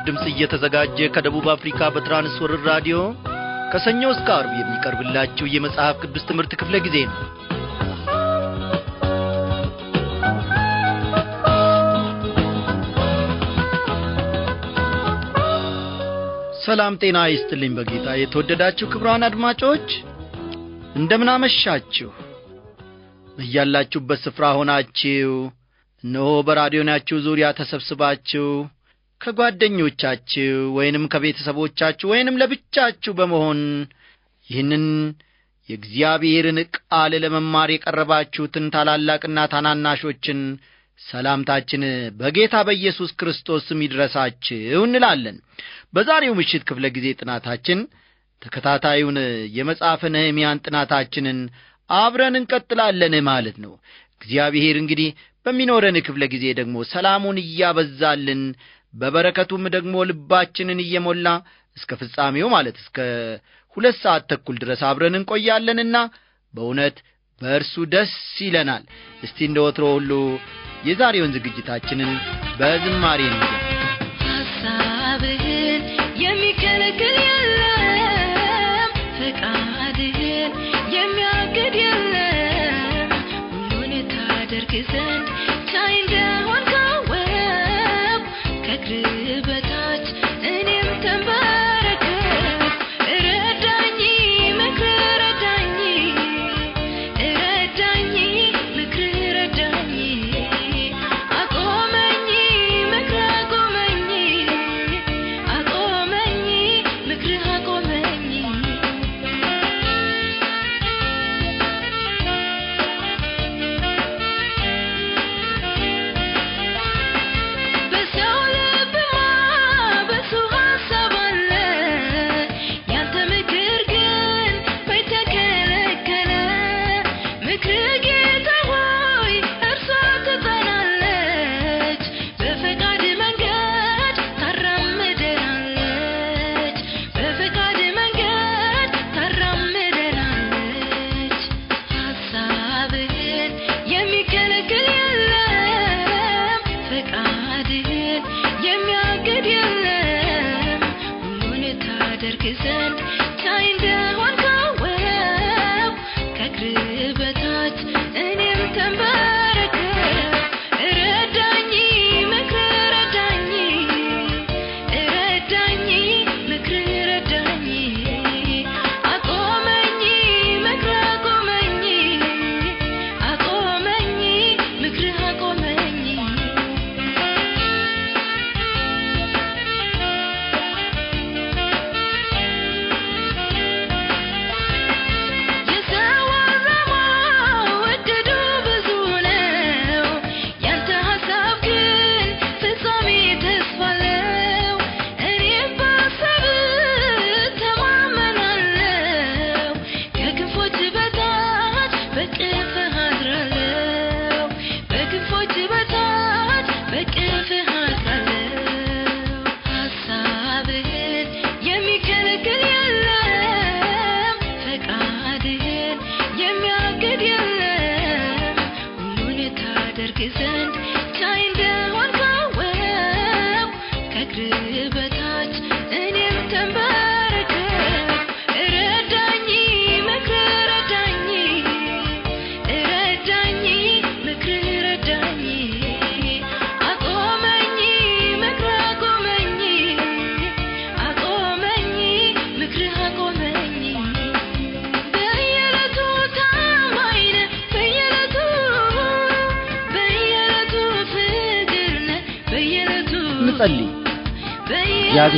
ለወላጆች ድምፅ እየተዘጋጀ ከደቡብ አፍሪካ በትራንስወርር ራዲዮ ከሰኞ እስከ አርብ የሚቀርብላችሁ የመጽሐፍ ቅዱስ ትምህርት ክፍለ ጊዜ ነው ሰላም ጤና ይስጥልኝ በጌታ የተወደዳችሁ ክብራን አድማጮች እንደምናመሻችሁ እያላችሁበት ስፍራ ሆናችሁ እነሆ በራዲዮናችሁ ዙሪያ ተሰብስባችሁ ከጓደኞቻችሁ ወይንም ከቤተሰቦቻችሁ ወይንም ለብቻችሁ በመሆን ይህንን የእግዚአብሔርን ቃል ለመማር የቀረባችሁትን ታላላቅና ታናናሾችን ሰላምታችን በጌታ በኢየሱስ ክርስቶስ ስም ይድረሳችሁ እንላለን። በዛሬው ምሽት ክፍለ ጊዜ ጥናታችን ተከታታዩን የመጽሐፈ ነህምያን ጥናታችንን አብረን እንቀጥላለን ማለት ነው። እግዚአብሔር እንግዲህ በሚኖረን ክፍለ ጊዜ ደግሞ ሰላሙን እያበዛልን በበረከቱም ደግሞ ልባችንን እየሞላ እስከ ፍጻሜው ማለት እስከ ሁለት ሰዓት ተኩል ድረስ አብረን እንቆያለንና በእውነት በእርሱ ደስ ይለናል እስቲ እንደ ወትሮ ሁሉ የዛሬውን ዝግጅታችንን በዝማሪ ነው ሐሳብህን የሚከለክል የለም ፈቃድህን የሚያግድ የለም ሁሉን ታደርግ ዘንድ Cause I'm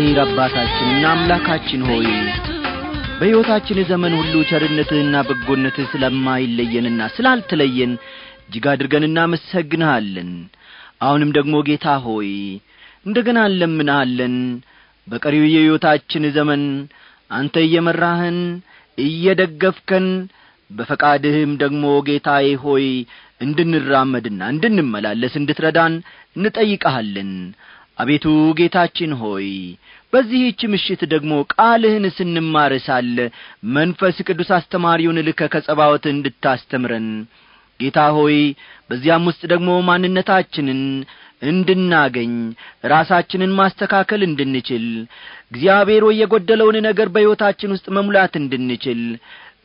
እግዚአብሔር አባታችንና አምላካችን ሆይ በሕይወታችን ዘመን ሁሉ ቸርነትህና በጎነትህ ስለማይለየንና ስላልተለየን እጅግ አድርገን እናመሰግንሃለን አሁንም ደግሞ ጌታ ሆይ እንደ ገና እንለምንሃለን በቀሪው የሕይወታችን ዘመን አንተ እየመራህን እየደገፍከን በፈቃድህም ደግሞ ጌታዬ ሆይ እንድንራመድና እንድንመላለስ እንድትረዳን እንጠይቀሃለን አቤቱ ጌታችን ሆይ በዚህች ምሽት ደግሞ ቃልህን ስንማር ሳለ መንፈስ ቅዱስ አስተማሪውን ልከ ከጸባወት እንድታስተምረን ጌታ ሆይ በዚያም ውስጥ ደግሞ ማንነታችንን እንድናገኝ ራሳችንን ማስተካከል እንድንችል እግዚአብሔር ወይ የጐደለውን ነገር በሕይወታችን ውስጥ መሙላት እንድንችል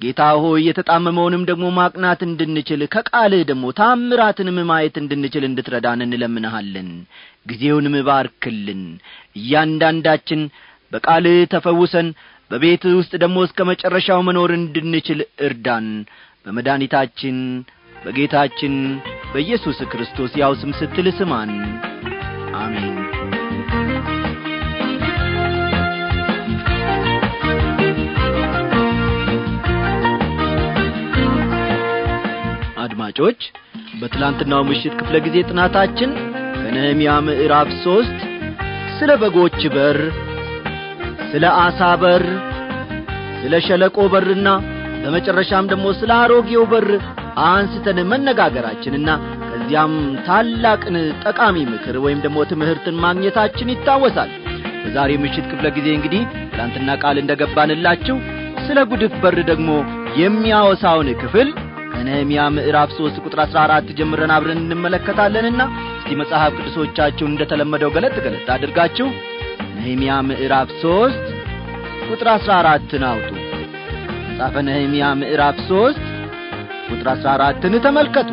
ጌታ ሆይ የተጣመመውንም ደግሞ ማቅናት እንድንችል ከቃልህ ደግሞ ታምራትንም ማየት እንድንችል እንድትረዳን እንለምንሃለን ጊዜውንም ባርክልን እያንዳንዳችን በቃልህ ተፈውሰን በቤት ውስጥ ደግሞ እስከ መጨረሻው መኖር እንድንችል እርዳን በመድኒታችን በጌታችን በኢየሱስ ክርስቶስ ያው ስም ስትል ስማን አሜን አድማጮች በትላንትናው ምሽት ክፍለ ጊዜ ጥናታችን ከነህምያ ምዕራፍ ሦስት ስለ በጎች በር ስለ አሳ በር ስለ ሸለቆ በርና በመጨረሻም ደግሞ ስለ አሮጌው በር አንስተን መነጋገራችንና ከዚያም ታላቅን ጠቃሚ ምክር ወይም ደግሞ ትምህርትን ማግኘታችን ይታወሳል በዛሬ ምሽት ክፍለ ጊዜ እንግዲህ ትላንትና ቃል እንደገባንላችሁ ስለ ጉድፍ በር ደግሞ የሚያወሳውን ክፍል በነህምያ ምዕራፍ 3 ቁጥር 14 ጀምረን አብረን እንመለከታለንና እስቲ መጽሐፍ ቅዱሶቻችሁን እንደተለመደው ገለጥ ገለጥ አድርጋችሁ ነህምያ ምዕራፍ 3 ቁጥር 14 አውጡ መጽሐፈ ነህምያ ምዕራፍ 3 ቁጥር 14 ተመልከቱ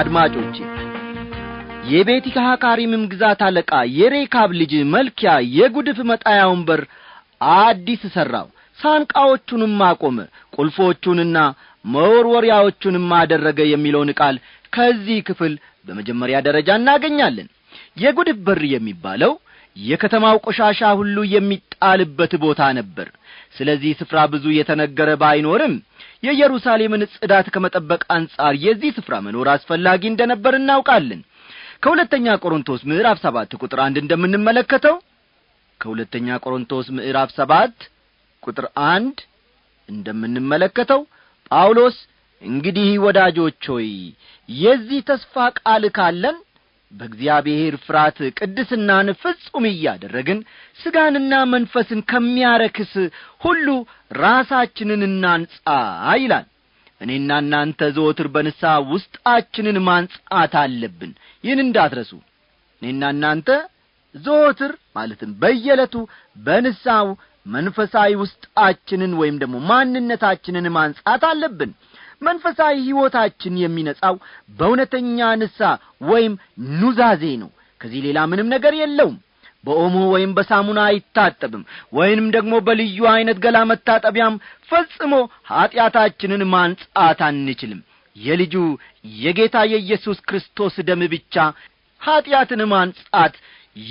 አድማጮቼ ካሪምም ግዛት አለቃ የሬካብ ልጅ መልኪያ የጉድፍ መጣያውን በር አዲስ ሠራው ሳንቃዎቹንም አቆመ ቁልፎቹንና መወርወሪያዎቹንም አደረገ የሚለውን ቃል ከዚህ ክፍል በመጀመሪያ ደረጃ እናገኛለን የጉድፍ በር የሚባለው የከተማው ቆሻሻ ሁሉ የሚጣልበት ቦታ ነበር ስለዚህ ስፍራ ብዙ የተነገረ ባይኖርም የኢየሩሳሌምን ጽዳት ከመጠበቅ አንጻር የዚህ ስፍራ መኖር አስፈላጊ እንደነበር እናውቃለን ከሁለተኛ ቆሮንቶስ ምዕራፍ ሰባት ቁጥር አንድ እንደምንመለከተው ከሁለተኛ ቆሮንቶስ ምዕራፍ ሰባት ቁጥር አንድ እንደምንመለከተው ጳውሎስ እንግዲህ ወዳጆች ሆይ የዚህ ተስፋ ቃል ካለን በእግዚአብሔር ፍርሃት ቅድስናን ፍጹም እያደረግን ሥጋንና መንፈስን ከሚያረክስ ሁሉ ራሳችንን እናንጻ ይላል እኔና እናንተ ዘወትር በንሳ ውስጣችንን ማንጻት አለብን ይህን እንዳትረሱ እኔና እናንተ ዘወትር ማለትም በየዕለቱ በንሳው መንፈሳዊ ውስጣችንን ወይም ደግሞ ማንነታችንን ማንጻት አለብን መንፈሳዊ ሕይወታችን የሚነጻው በእውነተኛ ንሳ ወይም ኑዛዜ ነው ከዚህ ሌላ ምንም ነገር የለውም በኦሞ ወይም በሳሙና አይታጠብም ወይንም ደግሞ በልዩ ዐይነት ገላ መታጠቢያም ፈጽሞ ኀጢአታችንን ማንጻት አንችልም የልጁ የጌታ የኢየሱስ ክርስቶስ ደም ብቻ ኀጢአትን ማንጻት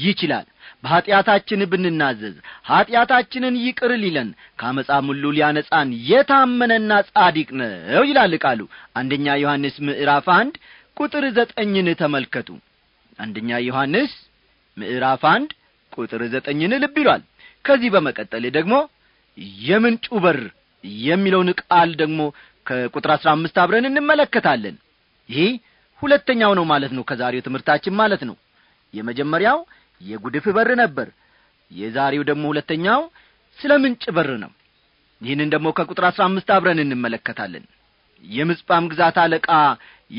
ይችላል በኀጢአታችን ብንናዘዝ ኀጢአታችንን ይቅር ሊለን ከአመፃም ሙሉ ሊያነጻን የታመነና ጻዲቅ ነው ይላል ቃሉ አንደኛ ዮሐንስ ምዕራፍ አንድ ቁጥር ዘጠኝን ተመልከቱ አንደኛ ዮሐንስ ምዕራፍ አንድ ቁጥር ዘጠኝን ልብ ይሏል ከዚህ በመቀጠል ደግሞ የምንጩ በር የሚለውን ቃል ደግሞ ከቁጥር አሥራ አምስት አብረን እንመለከታለን ይህ ሁለተኛው ነው ማለት ነው ከዛሬው ትምህርታችን ማለት ነው የመጀመሪያው የጉድፍ በር ነበር የዛሬው ደግሞ ሁለተኛው ስለ ምንጭ በር ነው ይህንን ደግሞ ከቁጥር አሥራ አምስት አብረን እንመለከታለን የምጽጳም ግዛት አለቃ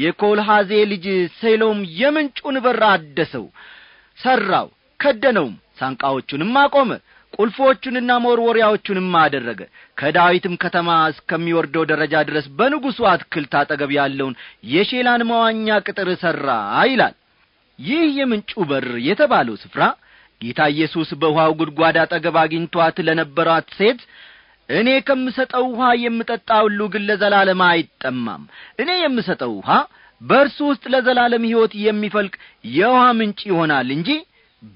የኮልሃዜ ልጅ ሴሎም የምንጩን በር አደሰው ሠራው ከደነውም ሳንቃዎቹንም አቆመ ቁልፎቹንና መወርወሪያዎቹንም አደረገ ከዳዊትም ከተማ እስከሚወርደው ደረጃ ድረስ በንጉሡ አትክልት አጠገብ ያለውን የሼላን መዋኛ ቅጥር ሠራ ይላል ይህ የምንጩ በር የተባለው ስፍራ ጌታ ኢየሱስ በውኃው ጉድጓድ አጠገብ አግኝቷት ለነበሯት ሴት እኔ ከምሰጠው ውኃ የምጠጣ ሁሉ ግን ለዘላለም አይጠማም እኔ የምሰጠው ውኃ በእርሱ ውስጥ ለዘላለም ሕይወት የሚፈልቅ የውኃ ምንጭ ይሆናል እንጂ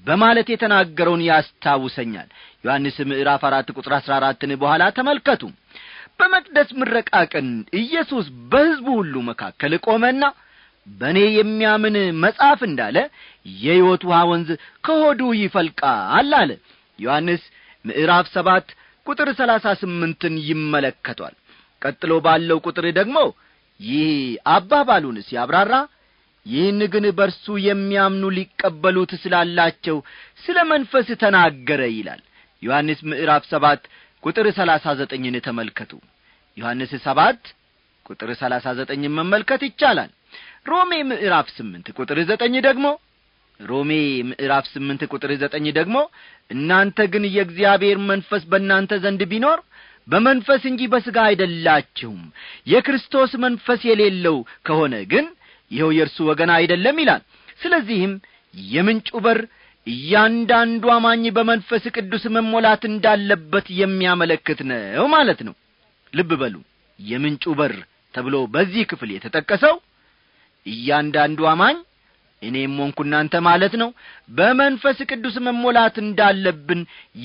በማለት የተናገረውን ያስታውሰኛል ዮሐንስ ምዕራፍ አራት ቁጥር አሥራ አራትን በኋላ ተመልከቱ በመቅደስ ምረቃቅን ኢየሱስ በሕዝቡ ሁሉ መካከል ቆመና በእኔ የሚያምን መጽሐፍ እንዳለ የሕይወት ውሃ ወንዝ ከሆዱ ይፈልቃል አለ ዮሐንስ ምዕራፍ ሰባት ቁጥር ሰላሳ ስምንትን ይመለከቷል ቀጥሎ ባለው ቁጥር ደግሞ ይህ አባባሉን ሲያብራራ ይህን ግን በርሱ የሚያምኑ ሊቀበሉት ስላላቸው ስለ መንፈስ ተናገረ ይላል ዮሐንስ ምዕራፍ ሰባት ቁጥር ሰላሳ ዘጠኝን ተመልከቱ ዮሐንስ ሰባት ቁጥር ሰላሳ ዘጠኝን መመልከት ይቻላል ሮሜ ምዕራፍ ስምንት ቁጥር ዘጠኝ ደግሞ ሮሜ ምዕራፍ ስምንት ቁጥር ዘጠኝ ደግሞ እናንተ ግን የእግዚአብሔር መንፈስ በእናንተ ዘንድ ቢኖር በመንፈስ እንጂ በሥጋ አይደላችሁም የክርስቶስ መንፈስ የሌለው ከሆነ ግን ይኸው የእርሱ ወገን አይደለም ይላል ስለዚህም የምንጩ በር እያንዳንዱ አማኝ በመንፈስ ቅዱስ መሞላት እንዳለበት የሚያመለክት ነው ማለት ነው ልብ በሉ የምንጩ በር ተብሎ በዚህ ክፍል የተጠቀሰው እያንዳንዱ አማኝ እኔም ሞንኩ እናንተ ማለት ነው በመንፈስ ቅዱስ መሞላት እንዳለብን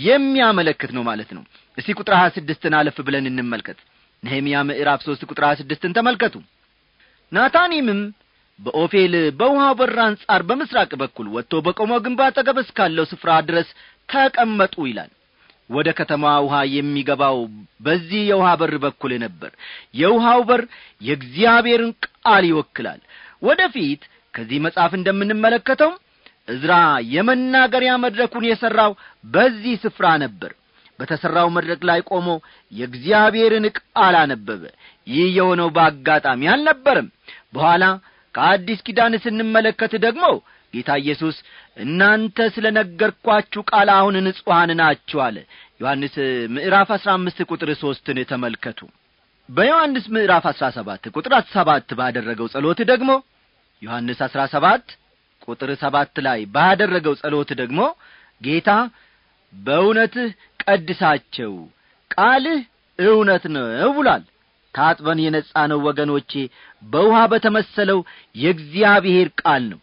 የሚያመለክት ነው ማለት ነው እስቲ ቁጥር ሀያ ስድስትን አለፍ ብለን እንመልከት ነህምያ ምዕራፍ ሦስት ቁጥር ሀያ ስድስትን ተመልከቱ ናታኒምም በኦፌል በውሃ በር አንጻር በምስራቅ በኩል ወጥቶ በቆሞ ግንባ ጠገብ እስካለው ስፍራ ድረስ ተቀመጡ ይላል ወደ ከተማ ውሃ የሚገባው በዚህ የውሃ በር በኩል ነበር የውሃው በር የእግዚአብሔርን ቃል ይወክላል ወደ ፊት ከዚህ መጽሐፍ እንደምንመለከተው እዝራ የመናገሪያ መድረኩን የሠራው በዚህ ስፍራ ነበር በተሠራው መድረክ ላይ ቆሞ የእግዚአብሔርን ቃል አነበበ ይህ የሆነው በአጋጣሚ አልነበርም በኋላ ከአዲስ ኪዳን ስንመለከት ደግሞ ጌታ ኢየሱስ እናንተ ስለ ነገርኳችሁ ቃል አሁን ንጹሐን ናችሁ አለ ዮሐንስ ምዕራፍ አሥራ አምስት ቁጥር ሦስትን ተመልከቱ በዮሐንስ ምዕራፍ አሥራ ሰባት ቁጥር ሰባት ባደረገው ጸሎት ደግሞ ዮሐንስ አሥራ ሰባት ቁጥር ሰባት ላይ ባደረገው ጸሎት ደግሞ ጌታ በእውነትህ ቀድሳቸው ቃልህ እውነት ነው ብሏል ታጥበን የነጻነው ወገኖቼ በውሃ በተመሰለው የእግዚአብሔር ቃል ነው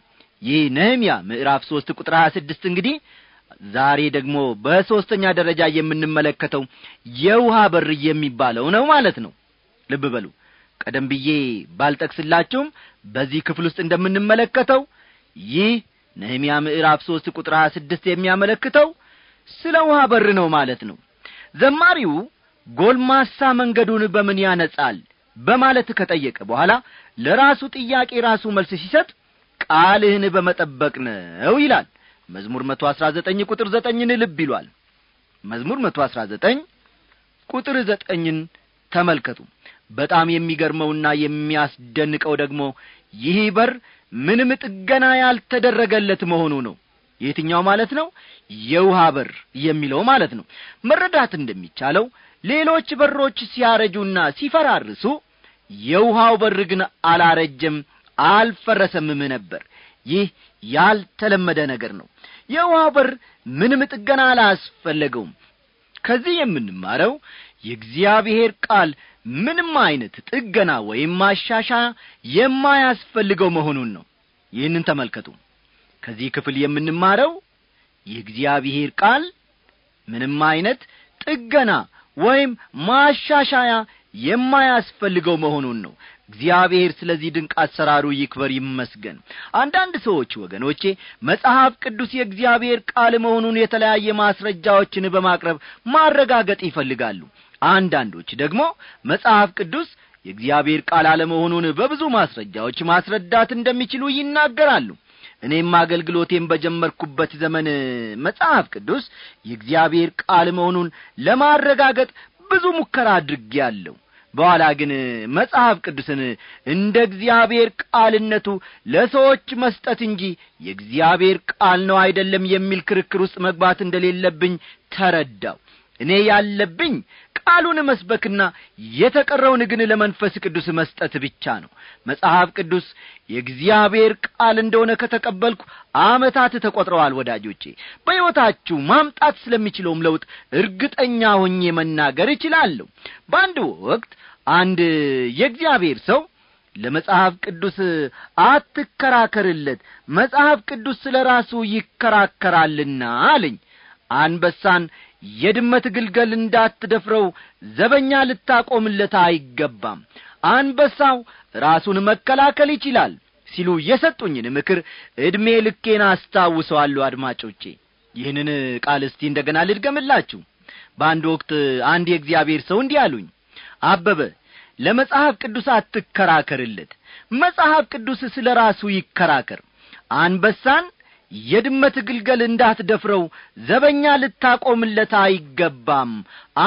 ይህ ነህምያ ምዕራፍ ሦስት ቁጥር ሀያ ስድስት እንግዲህ ዛሬ ደግሞ በሦስተኛ ደረጃ የምንመለከተው የውሃ በር የሚባለው ነው ማለት ነው ልብ በሉ ቀደም ብዬ ባልጠቅስላችሁም በዚህ ክፍል ውስጥ እንደምንመለከተው ይህ ነህምያ ምዕራፍ ሦስት ቁጥር ሀያ ስድስት የሚያመለክተው ስለ ውሃ በር ነው ማለት ነው ዘማሪው ጎልማሳ መንገዱን በምን ያነጻል በማለት ከጠየቀ በኋላ ለራሱ ጥያቄ ራሱ መልስ ሲሰጥ ቃልህን በመጠበቅ ነው ይላል መዝሙር መቶ አሥራ ዘጠኝ ቁጥር ዘጠኝን ልብ ይሏል መዝሙር መቶ አሥራ ዘጠኝ ቁጥር ዘጠኝን ተመልከቱ በጣም የሚገርመውና የሚያስደንቀው ደግሞ ይህ በር ምንም ጥገና ያልተደረገለት መሆኑ ነው የትኛው ማለት ነው የውሃ በር የሚለው ማለት ነው መረዳት እንደሚቻለው ሌሎች በሮች ሲያረጁና ሲፈራርሱ የውሃው በር ግን አላረጀም አልፈረሰምም ነበር ይህ ያልተለመደ ነገር ነው የውሃው በር ምንም ጥገና አላስፈለገውም ከዚህ የምንማረው የእግዚአብሔር ቃል ምንም ዐይነት ጥገና ወይም ማሻሻ የማያስፈልገው መሆኑን ነው ይህንን ተመልከቱ ከዚህ ክፍል የምንማረው የእግዚአብሔር ቃል ምንም ዐይነት ጥገና ወይም ማሻሻያ የማያስፈልገው መሆኑን ነው እግዚአብሔር ስለዚህ ድንቅ አሰራሩ ይክበር ይመስገን አንዳንድ ሰዎች ወገኖቼ መጽሐፍ ቅዱስ የእግዚአብሔር ቃል መሆኑን የተለያየ ማስረጃዎችን በማቅረብ ማረጋገጥ ይፈልጋሉ አንዳንዶች ደግሞ መጽሐፍ ቅዱስ የእግዚአብሔር ቃል አለመሆኑን በብዙ ማስረጃዎች ማስረዳት እንደሚችሉ ይናገራሉ እኔም አገልግሎቴን በጀመርኩበት ዘመን መጽሐፍ ቅዱስ የእግዚአብሔር ቃል መሆኑን ለማረጋገጥ ብዙ ሙከራ አድርጌአለሁ በኋላ ግን መጽሐፍ ቅዱስን እንደ እግዚአብሔር ቃልነቱ ለሰዎች መስጠት እንጂ የእግዚአብሔር ቃል ነው አይደለም የሚል ክርክር ውስጥ መግባት እንደሌለብኝ ተረዳው እኔ ያለብኝ ቃሉን መስበክና የተቀረውን ግን ለመንፈስ ቅዱስ መስጠት ብቻ ነው መጽሐፍ ቅዱስ የእግዚአብሔር ቃል እንደሆነ ከተቀበልኩ አመታት ተቈጥረዋል ወዳጆቼ በሕይወታችሁ ማምጣት ስለሚችለውም ለውጥ እርግጠኛ ሆኜ መናገር እችላለሁ በአንድ ወቅት አንድ የእግዚአብሔር ሰው ለመጽሐፍ ቅዱስ አትከራከርለት መጽሐፍ ቅዱስ ስለ ራሱ ይከራከራልና አለኝ አንበሳን የድመት ግልገል እንዳትደፍረው ዘበኛ ልታቆምለት አይገባም አንበሳው ራሱን መከላከል ይችላል ሲሉ የሰጡኝን ምክር ዕድሜ ልኬን አስታውሰዋለሁ አድማጮቼ ይህንን ቃል እስቲ እንደ ገና ልድገምላችሁ በአንድ ወቅት አንድ የእግዚአብሔር ሰው እንዲህ አሉኝ አበበ ለመጽሐፍ ቅዱስ አትከራከርለት መጽሐፍ ቅዱስ ስለ ራሱ ይከራከር አንበሳን የድመት ግልገል እንዳትደፍረው ዘበኛ ልታቆምለት አይገባም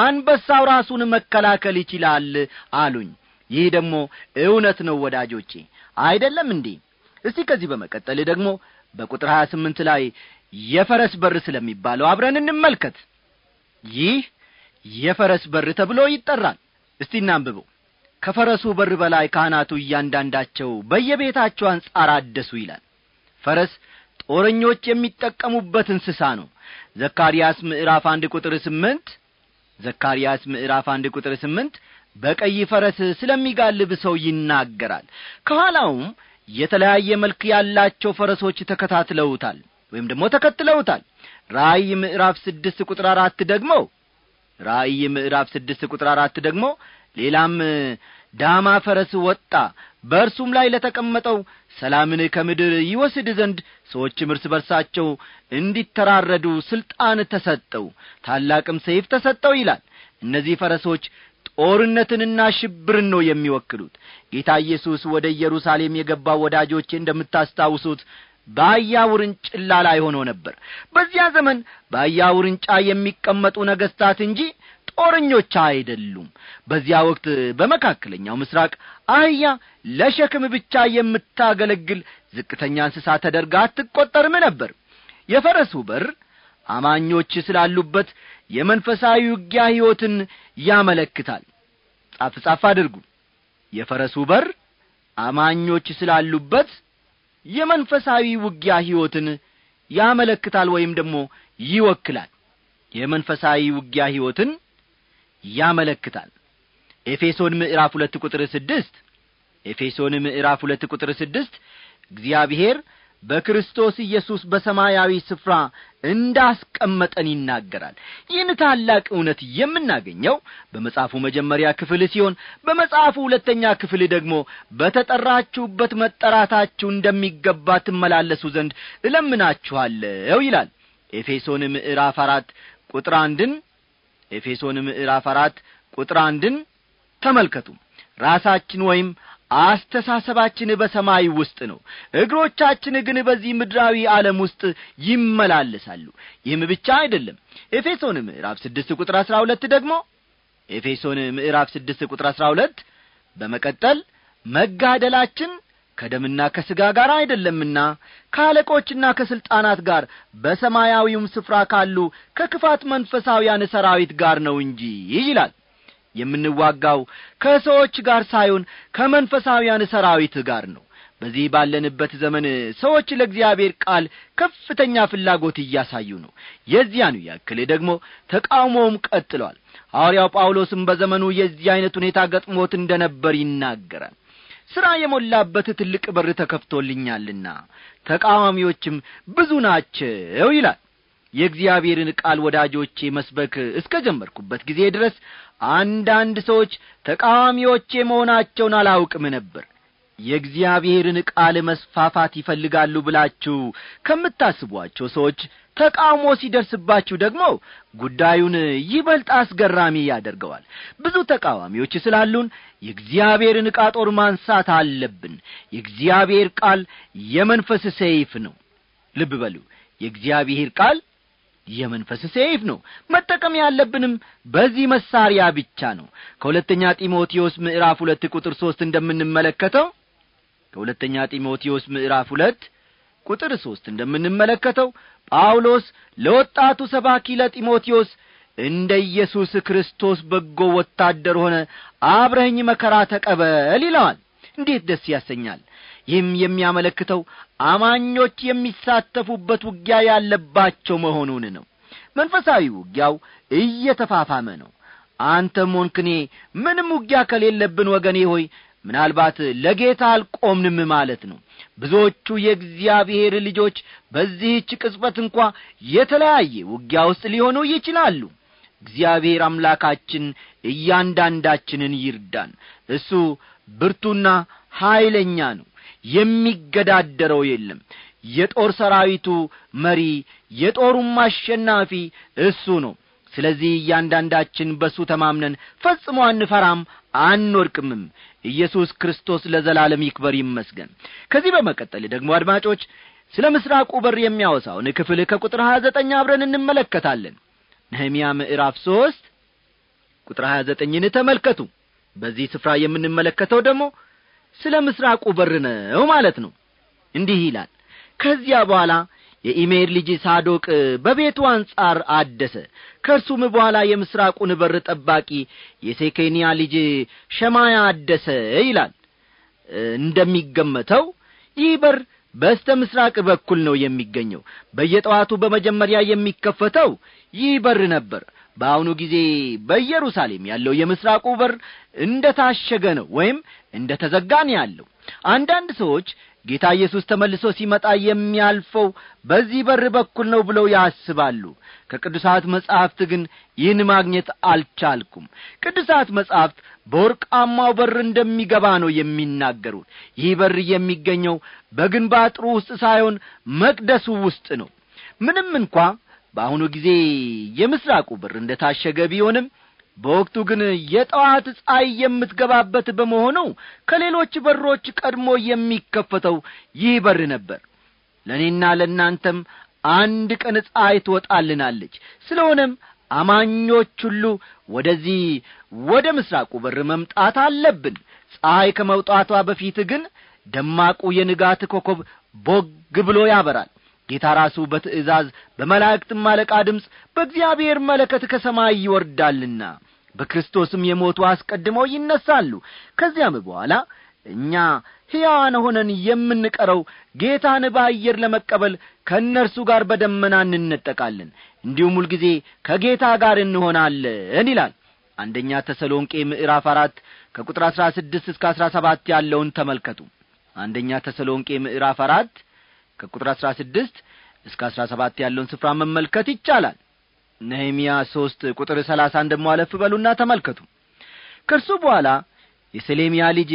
አንበሳው ራሱን መከላከል ይችላል አሉኝ ይህ ደግሞ እውነት ነው ወዳጆቼ አይደለም እንዴ እስቲ ከዚህ በመቀጠል ደግሞ በቁጥር ሀያ ስምንት ላይ የፈረስ በር ስለሚባለው አብረን እንመልከት ይህ የፈረስ በር ተብሎ ይጠራል እስቲ እናንብበው ከፈረሱ በር በላይ ካህናቱ እያንዳንዳቸው በየቤታቸው አንጻር አደሱ ይላል ፈረስ ጦረኞች የሚጠቀሙበት እንስሳ ነው ዘካርያስ ምዕራፍ አንድ ቁጥር ስምንት ዘካርያስ ምዕራፍ አንድ ቁጥር ስምንት በቀይ ፈረስ ስለሚጋልብ ሰው ይናገራል ከኋላውም የተለያየ መልክ ያላቸው ፈረሶች ተከታትለውታል ወይም ደግሞ ተከትለውታል ራእይ ምዕራፍ ስድስት ቁጥር አራት ደግሞ ራእይ ምዕራፍ ስድስት ቁጥር አራት ደግሞ ሌላም ዳማ ፈረስ ወጣ በእርሱም ላይ ለተቀመጠው ሰላምን ከምድር ይወስድ ዘንድ ሰዎችም እርስ በርሳቸው እንዲተራረዱ ሥልጣን ተሰጠው ታላቅም ሰይፍ ተሰጠው ይላል እነዚህ ፈረሶች ጦርነትንና ሽብርን ነው የሚወክሉት ጌታ ኢየሱስ ወደ ኢየሩሳሌም የገባ ወዳጆቼ እንደምታስታውሱት በአያ ውርንጭላ ላይ ሆኖ ነበር በዚያ ዘመን በአያ ውርንጫ የሚቀመጡ ነገሥታት እንጂ ጦረኞች አይደሉም በዚያ ወቅት በመካከለኛው ምስራቅ አህያ ለሸክም ብቻ የምታገለግል ዝቅተኛ እንስሳ ተደርጋ አትቈጠርም ነበር የፈረሱ በር አማኞች ስላሉበት የመንፈሳዊ ውጊያ ሕይወትን ያመለክታል ጻፍ ጻፍ አድርጉ የፈረሱ በር አማኞች ስላሉበት የመንፈሳዊ ውጊያ ሕይወትን ያመለክታል ወይም ደግሞ ይወክላል የመንፈሳዊ ውጊያ ሕይወትን ያመለክታል ኤፌሶን ምዕራፍ ሁለት ቁጥር ስድስት ኤፌሶን ምዕራፍ ሁለት ቁጥር ስድስት እግዚአብሔር በክርስቶስ ኢየሱስ በሰማያዊ ስፍራ እንዳስቀመጠን ይናገራል ይህን ታላቅ እውነት የምናገኘው በመጽሐፉ መጀመሪያ ክፍል ሲሆን በመጽሐፉ ሁለተኛ ክፍል ደግሞ በተጠራችሁበት መጠራታችሁ እንደሚገባ ትመላለሱ ዘንድ እለምናችኋለሁ ይላል ኤፌሶን ምዕራፍ አራት ቁጥር አንድን ኤፌሶን ምዕራፍ አራት ቁጥር አንድን ተመልከቱ ራሳችን ወይም አስተሳሰባችን በሰማይ ውስጥ ነው እግሮቻችን ግን በዚህ ምድራዊ ዓለም ውስጥ ይመላለሳሉ ይህም ብቻ አይደለም ኤፌሶን ምዕራፍ ስድስት ቁጥር አሥራ ሁለት ደግሞ ኤፌሶን ምዕራፍ ስድስት ቁጥር አሥራ ሁለት በመቀጠል መጋደላችን ከደምና ከሥጋ ጋር አይደለምና ከአለቆችና ከሥልጣናት ጋር በሰማያዊውም ስፍራ ካሉ ከክፋት መንፈሳውያን ሰራዊት ጋር ነው እንጂ ይላል የምንዋጋው ከሰዎች ጋር ሳይሆን ከመንፈሳውያን ሰራዊት ጋር ነው በዚህ ባለንበት ዘመን ሰዎች ለእግዚአብሔር ቃል ከፍተኛ ፍላጎት እያሳዩ ነው የዚያኑ ያክል ደግሞ ተቃውሞውም ቀጥሏል ሐዋርያው ጳውሎስም በዘመኑ የዚህ ዐይነት ሁኔታ ገጥሞት እንደ ነበር ይናገራል ሥራ የሞላበት ትልቅ በር ተከፍቶልኛልና ተቃዋሚዎችም ብዙ ናቸው ይላል የእግዚአብሔርን ቃል ወዳጆቼ መስበክ እስከ ጀመርኩበት ጊዜ ድረስ አንዳንድ ሰዎች ተቃዋሚዎቼ መሆናቸውን አላውቅም ነበር የእግዚአብሔርን ቃል መስፋፋት ይፈልጋሉ ብላችሁ ከምታስቧቸው ሰዎች ተቃውሞ ሲደርስባችሁ ደግሞ ጉዳዩን ይበልጥ አስገራሚ ያደርገዋል ብዙ ተቃዋሚዎች ስላሉን የእግዚአብሔርን ዕቃ ጦር ማንሳት አለብን የእግዚአብሔር ቃል የመንፈስ ሰይፍ ነው ልብ በሉ የእግዚአብሔር ቃል የመንፈስ ሰይፍ ነው መጠቀም ያለብንም በዚህ መሳሪያ ብቻ ነው ከሁለተኛ ጢሞቴዎስ ምዕራፍ ሁለት ቁጥር ሦስት እንደምንመለከተው ከሁለተኛ ጢሞቴዎስ ምዕራፍ ሁለት ቁጥር ሦስት እንደምንመለከተው ጳውሎስ ለወጣቱ ሰባኪ ለጢሞቴዎስ እንደ ኢየሱስ ክርስቶስ በጎ ወታደር ሆነ አብረኝ መከራ ተቀበል ይለዋል እንዴት ደስ ያሰኛል ይህም የሚያመለክተው አማኞች የሚሳተፉበት ውጊያ ያለባቸው መሆኑን ነው መንፈሳዊ ውጊያው እየተፋፋመ ነው አንተም ሆንክኔ ምንም ውጊያ ከሌለብን ወገኔ ሆይ ምናልባት ለጌታ አልቆምንም ማለት ነው ብዙዎቹ የእግዚአብሔር ልጆች በዚህች ቅጽበት እንኳ የተለያየ ውጊያ ውስጥ ሊሆኑ ይችላሉ እግዚአብሔር አምላካችን እያንዳንዳችንን ይርዳን እሱ ብርቱና ኀይለኛ ነው የሚገዳደረው የለም የጦር ሰራዊቱ መሪ የጦሩም አሸናፊ እሱ ነው ስለዚህ እያንዳንዳችን በእሱ ተማምነን ፈጽሞ አንፈራም አንወድቅምም ኢየሱስ ክርስቶስ ለዘላለም ይክበር ይመስገን ከዚህ በመቀጠል ደግሞ አድማጮች ስለ ምስራቁ በር የሚያወሳውን ክፍል ከቁጥር 29 አብረን እንመለከታለን ነህምያ ምዕራፍ 3 ቁጥር 29 ተመልከቱ በዚህ ስፍራ የምንመለከተው ደግሞ ስለ ምስራቁ በር ነው ማለት ነው እንዲህ ይላል ከዚያ በኋላ የኢሜር ልጅ ሳዶቅ በቤቱ አንጻር አደሰ ከእርሱም በኋላ የምሥራቁን በር ጠባቂ የሴኬንያ ልጅ ሸማያ አደሰ ይላል እንደሚገመተው ይህ በር በስተ ምሥራቅ በኩል ነው የሚገኘው በየጠዋቱ በመጀመሪያ የሚከፈተው ይህ በር ነበር በአሁኑ ጊዜ በኢየሩሳሌም ያለው የምሥራቁ በር እንደ ታሸገ ነው ወይም እንደ ተዘጋ ያለው አንዳንድ ሰዎች ጌታ ኢየሱስ ተመልሶ ሲመጣ የሚያልፈው በዚህ በር በኩል ነው ብለው ያስባሉ ከቅዱሳት መጻሕፍት ግን ይህን ማግኘት አልቻልኩም ቅዱሳት መጻሕፍት በወርቃማው በር እንደሚገባ ነው የሚናገሩት ይህ በር የሚገኘው በግንባጥሩ ውስጥ ሳይሆን መቅደሱ ውስጥ ነው ምንም እንኳ በአሁኑ ጊዜ የምሥራቁ በር እንደ ታሸገ ቢሆንም በወቅቱ ግን የጠዋት ፀሐይ የምትገባበት በመሆኑ ከሌሎች በሮች ቀድሞ የሚከፈተው ይህ በር ነበር ለእኔና ለእናንተም አንድ ቀን ፀሐይ ትወጣልናለች ስለሆነም አማኞች ሁሉ ወደዚህ ወደ ምስራቁ በር መምጣት አለብን ፀሐይ ከመውጣቷ በፊት ግን ደማቁ የንጋት ኮከብ ቦግ ብሎ ያበራል ጌታ ራሱ በትእዛዝ በመላእክትም አለቃ ድምፅ በእግዚአብሔር መለከት ከሰማይ ይወርዳልና በክርስቶስም የሞቱ አስቀድመው ይነሳሉ ከዚያም በኋላ እኛ ሕያዋን ሆነን የምንቀረው ጌታን በአየር ለመቀበል ከእነርሱ ጋር በደመና እንነጠቃለን እንዲሁም ሁልጊዜ ከጌታ ጋር እንሆናለን ይላል አንደኛ ተሰሎንቄ ምዕራፍ አራት ከቁጥር አሥራ ስድስት እስከ አሥራ ሰባት ያለውን ተመልከቱ አንደኛ ተሰሎንቄ ምዕራፍ አራት ከቁጥር አሥራ ስድስት እስከ አሥራ ሰባት ያለውን ስፍራ መመልከት ይቻላል ነህምያ ሦስት ቁጥር ሰላሳን ደሞ አለፍ በሉና ተመልከቱ ከእርሱ በኋላ የሰሌምያ ልጅ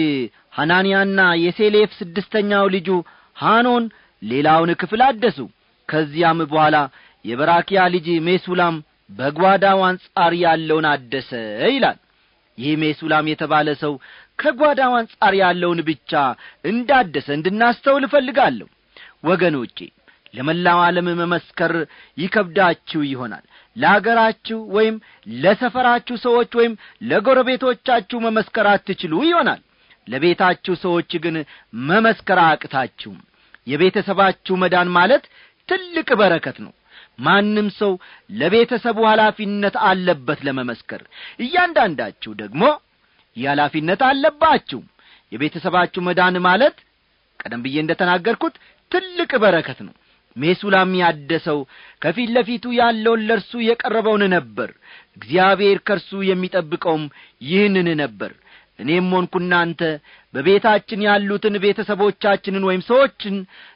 ሐናንያና የሴሌፍ ስድስተኛው ልጁ ሐኖን ሌላውን ክፍል አደሱ ከዚያም በኋላ የበራኪያ ልጅ ሜሱላም በጓዳው አንጻር ያለውን አደሰ ይላል ይህ ሜሱላም የተባለ ሰው ከጓዳው አንጻር ያለውን ብቻ እንዳደሰ እንድናስተውል እፈልጋለሁ ወገኖቼ ለመላው ዓለም መመስከር ይከብዳችሁ ይሆናል ለአገራችሁ ወይም ለሰፈራችሁ ሰዎች ወይም ለጎረቤቶቻችሁ መመስከር አትችሉ ይሆናል ለቤታችሁ ሰዎች ግን መመስከር አቅታችሁም የቤተሰባችሁ መዳን ማለት ትልቅ በረከት ነው ማንም ሰው ለቤተሰቡ ኃላፊነት አለበት ለመመስከር እያንዳንዳችሁ ደግሞ ይህ ኃላፊነት አለባችሁ የቤተሰባችሁ መዳን ማለት ቀደም ብዬ እንደ ተናገርኩት ትልቅ በረከት ነው ሜሱላም ያደሰው ከፊት ለፊቱ ያለውን ለእርሱ የቀረበውን ነበር እግዚአብሔር ከእርሱ የሚጠብቀውም ይህንን ነበር እኔም ሆንኩ እናንተ በቤታችን ያሉትን ቤተሰቦቻችንን ወይም ሰዎችን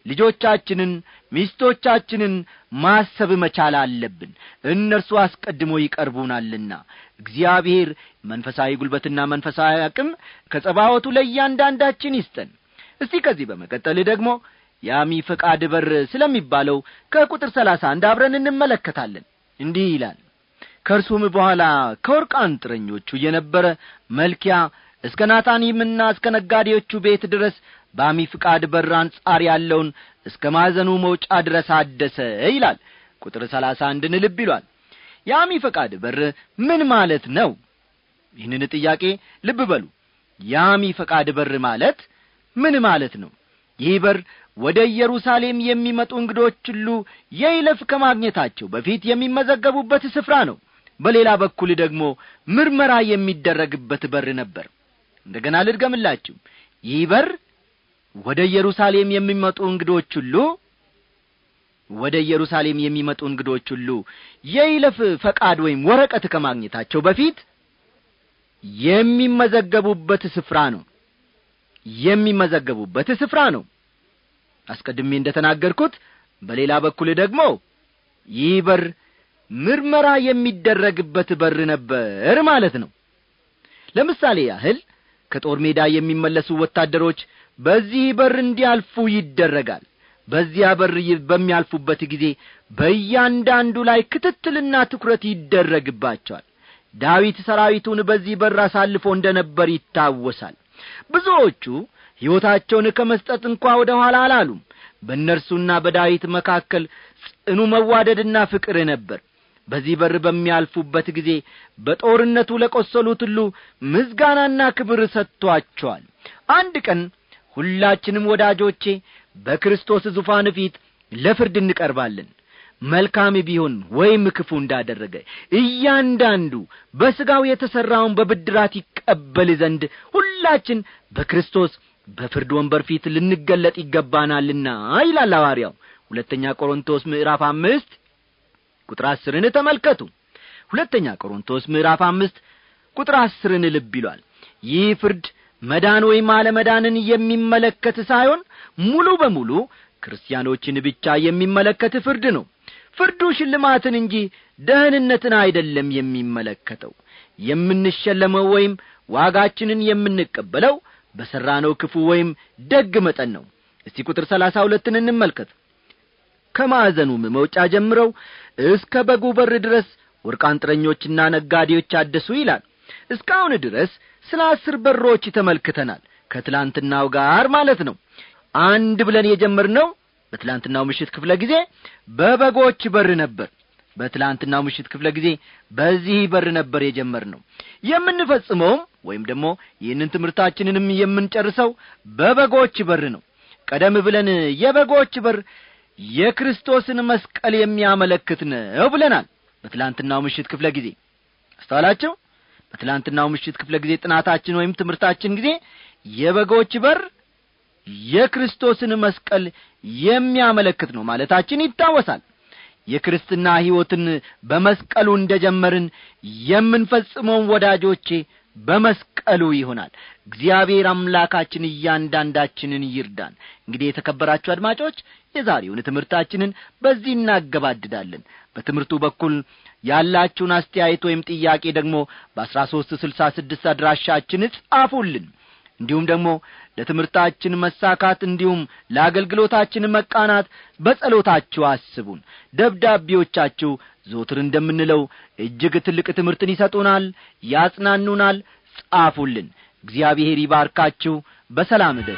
ልጆቻችንን ሚስቶቻችንን ማሰብ መቻል አለብን እነርሱ አስቀድሞ ይቀርቡናልና እግዚአብሔር መንፈሳዊ ጉልበትና መንፈሳዊ አቅም ከጸባወቱ ለእያንዳንዳችን ይስጠን እስቲ ከዚህ በመቀጠል ደግሞ የአሚ ፈቃድ በር ስለሚባለው ከቁጥር ሰላሳ አንድ አብረን እንመለከታለን እንዲህ ይላል ከእርሱም በኋላ ከወርቅ አንጥረኞቹ የነበረ መልኪያ እስከ ናታኒምና እስከ ነጋዴዎቹ ቤት ድረስ በአሚ ፍቃድ በር አንጻር ያለውን እስከ ማዕዘኑ መውጫ ድረስ አደሰ ይላል ቁጥር ሰላሳ አንድን ልብ ይሏል የአሚ ፈቃድ በር ምን ማለት ነው ይህንን ጥያቄ ልብ በሉ የአሚ ፈቃድ በር ማለት ምን ማለት ነው ይህ በር ወደ ኢየሩሳሌም የሚመጡ እንግዶች ሁሉ የይለፍ ከማግኘታቸው በፊት የሚመዘገቡበት ስፍራ ነው በሌላ በኩል ደግሞ ምርመራ የሚደረግበት በር ነበር እንደ ገና ልድገምላችሁ ይህ በር ወደ ኢየሩሳሌም የሚመጡ እንግዶች ሁሉ ወደ ኢየሩሳሌም የሚመጡ እንግዶች ሁሉ የይለፍ ፈቃድ ወይም ወረቀት ከማግኘታቸው በፊት የሚመዘገቡበት ስፍራ ነው የሚመዘገቡበት ስፍራ ነው አስቀድሜ እንደ ተናገርኩት በሌላ በኩል ደግሞ ይህ በር ምርመራ የሚደረግበት በር ነበር ማለት ነው ለምሳሌ ያህል ከጦር ሜዳ የሚመለሱ ወታደሮች በዚህ በር እንዲያልፉ ይደረጋል በዚያ በር በሚያልፉበት ጊዜ በእያንዳንዱ ላይ ክትትልና ትኩረት ይደረግባቸዋል ዳዊት ሰራዊቱን በዚህ በር አሳልፎ እንደ ነበር ይታወሳል ብዙዎቹ ሕይወታቸውን ከመስጠት እንኳ ወደ ኋላ አላሉም በእነርሱና በዳዊት መካከል ጽኑ መዋደድና ፍቅር ነበር በዚህ በር በሚያልፉበት ጊዜ በጦርነቱ ለቈሰሉት ሁሉ ምዝጋናና ክብር ሰጥቶአቸዋል አንድ ቀን ሁላችንም ወዳጆቼ በክርስቶስ ዙፋን ፊት ለፍርድ እንቀርባለን መልካም ቢሆን ወይም ክፉ እንዳደረገ እያንዳንዱ በሥጋው የተሠራውን በብድራት ይቀበል ዘንድ ሁላችን በክርስቶስ በፍርድ ወንበር ፊት ልንገለጥ ይገባናልና ይላል አዋርያው ሁለተኛ ቆሮንቶስ ምዕራፍ አምስት ቁጥር አስርን ተመልከቱ ሁለተኛ ቆሮንቶስ ምዕራፍ አምስት ቁጥር አስርን ልብ ይሏል ይህ ፍርድ መዳን ወይም አለመዳንን የሚመለከት ሳይሆን ሙሉ በሙሉ ክርስቲያኖችን ብቻ የሚመለከት ፍርድ ነው ፍርዱ ሽልማትን እንጂ ደህንነትን አይደለም የሚመለከተው የምንሸለመው ወይም ዋጋችንን የምንቀበለው በሠራነው ክፉ ወይም ደግ መጠን ነው እስቲ ቁጥር ሰላሳ ሁለትን እንመልከት ከማዕዘኑም መውጫ ጀምረው እስከ በጉ በር ድረስ ወርቃንጥረኞችና ነጋዴዎች አደሱ ይላል እስካሁን ድረስ ስለ አስር በሮች ተመልክተናል ከትላንትናው ጋር ማለት ነው አንድ ብለን የጀመርነው በትላንትናው ምሽት ክፍለ ጊዜ በበጎች በር ነበር በትላንትናው ምሽት ክፍለ ጊዜ በዚህ በር ነበር የጀመር ነው የምንፈጽመውም ወይም ደግሞ ይህንን ትምህርታችንንም የምንጨርሰው በበጎች በር ነው ቀደም ብለን የበጎች በር የክርስቶስን መስቀል የሚያመለክት ነው ብለናል በትላንትናው ምሽት ክፍለ ጊዜ አስተዋላቸው በትላንትናው ምሽት ክፍለ ጊዜ ጥናታችን ወይም ትምህርታችን ጊዜ የበጎች በር የክርስቶስን መስቀል የሚያመለክት ነው ማለታችን ይታወሳል የክርስትና ሕይወትን በመስቀሉ እንደ ጀመርን የምንፈጽመውን ወዳጆቼ በመስቀሉ ይሆናል እግዚአብሔር አምላካችን እያንዳንዳችንን ይርዳን እንግዲህ የተከበራችሁ አድማጮች የዛሬውን ትምህርታችንን በዚህ እናገባድዳለን በትምህርቱ በኩል ያላችሁን አስተያየት ወይም ጥያቄ ደግሞ በአሥራ ሦስት ስልሳ ስድስት አድራሻችን ጻፉልን እንዲሁም ደግሞ ለትምህርታችን መሳካት እንዲሁም ለአገልግሎታችን መቃናት በጸሎታችሁ አስቡን ደብዳቤዎቻችሁ ዞትር እንደምንለው እጅግ ትልቅ ትምህርትን ይሰጡናል ያጽናኑናል ጻፉልን እግዚአብሔር ይባርካችሁ በሰላም እደሩ